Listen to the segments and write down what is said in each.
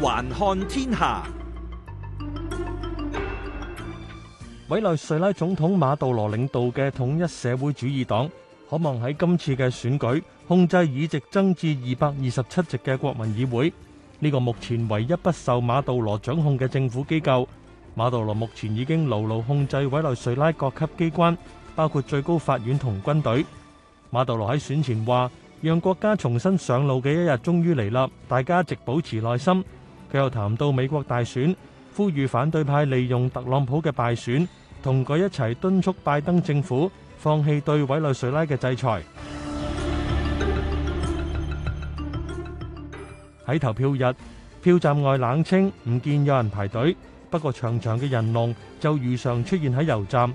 環看天下，委內瑞拉總統馬杜羅領導嘅統一社會主義黨，渴望喺今次嘅選舉控制議席增至二百二十七席嘅國民議會。呢個目前唯一不受馬杜羅掌控嘅政府機構，馬杜羅目前已經牢牢控制委內瑞拉各級機關，包括最高法院同軍隊。馬杜羅喺選前話：讓國家重新上路嘅一日終於嚟啦，大家一直保持耐心。佢又談到美國大選，呼籲反對派利用特朗普嘅敗選，同佢一齊敦促拜登政府放棄對委內瑞拉嘅制裁。喺投票日，票站外冷清，唔見有人排隊，不過長長嘅人龍就如常出現喺油站。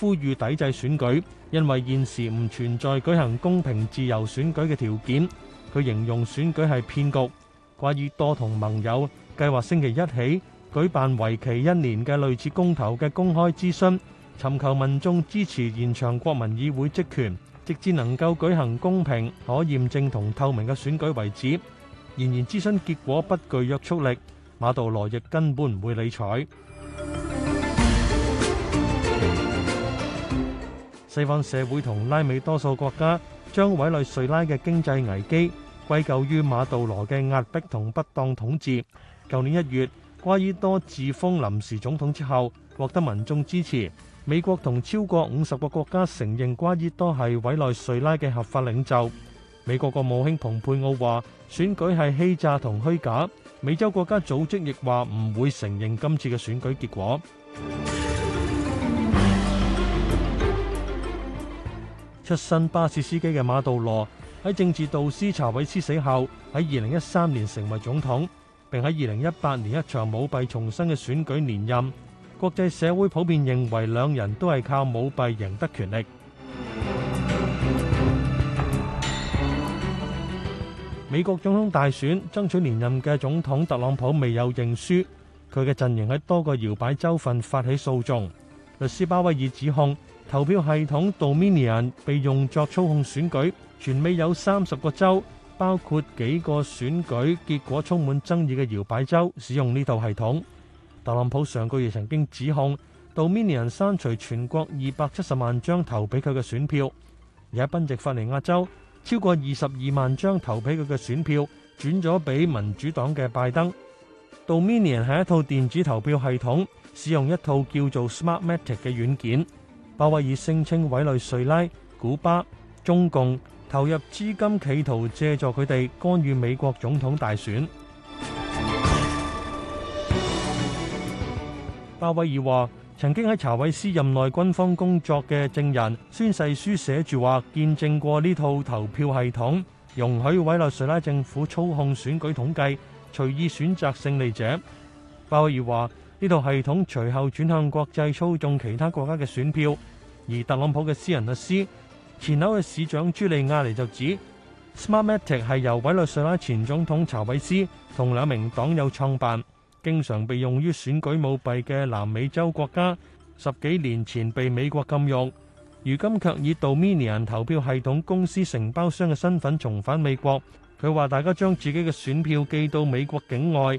呼籲抵制選舉，因為現時唔存在舉行公平自由選舉嘅條件。佢形容選舉係騙局。瓜爾多同盟友計劃星期一起舉辦為期一年嘅類似公投嘅公開諮詢，尋求民眾支持延長國民議會職權，直至能夠舉行公平、可驗證同透明嘅選舉為止。然而諮詢結果不具約束力，馬杜羅亦根本唔會理睬。西方社會同拉美多數國家將委內瑞拉嘅經濟危機歸咎於馬杜羅嘅壓迫同不當統治。舊年一月，瓜伊多自封臨時總統之後，獲得民眾支持。美國同超過五十個國家承認瓜伊多係委內瑞拉嘅合法領袖。美國國務卿蓬佩奧話：選舉係欺詐同虛假。美洲國家組織亦話唔會承認今次嘅選舉結果。出身巴士司機嘅馬杜羅喺政治導師查韋斯死後喺二零一三年成為總統，並喺二零一八年一場舞弊重新嘅選舉連任。國際社會普遍認為兩人都係靠舞弊贏得權力。美國總統大選爭取連任嘅總統特朗普未有認輸，佢嘅陣營喺多個搖擺州份發起訴訟，律師巴威爾指控。投票系統 Dominion 被用作操控選舉，全美有三十個州，包括幾個選舉結果充滿爭議嘅搖擺州，使用呢套系統。特朗普上個月曾經指控 Dominion 刪除全國二百七十萬張投俾佢嘅選票，而喺賓夕法尼亞州，超過二十二萬張投俾佢嘅選票轉咗俾民主黨嘅拜登。Dominion 係一套電子投票系統，使用一套叫做 Smartmatic 嘅軟件。鮑威爾聲稱委內瑞拉、古巴、中共投入資金，企圖借助佢哋干預美國總統大選。鮑威爾話：曾經喺查韋斯任內軍方工作嘅證人宣誓書寫住話，見證過呢套投票系統容許委內瑞拉政府操控選舉統計，隨意選擇勝利者。鮑威爾話。呢套系統隨後轉向國際操縱其他國家嘅選票，而特朗普嘅私人律師、前紐約市長朱利亞尼就指，Smartmatic 係由委內瑞拉前總統查韋斯同兩名黨友創辦，經常被用於選舉舞弊嘅南美洲國家十幾年前被美國禁用，如今卻以 Dominion 投票系統公司承包商嘅身份重返美國。佢話：大家將自己嘅選票寄到美國境外。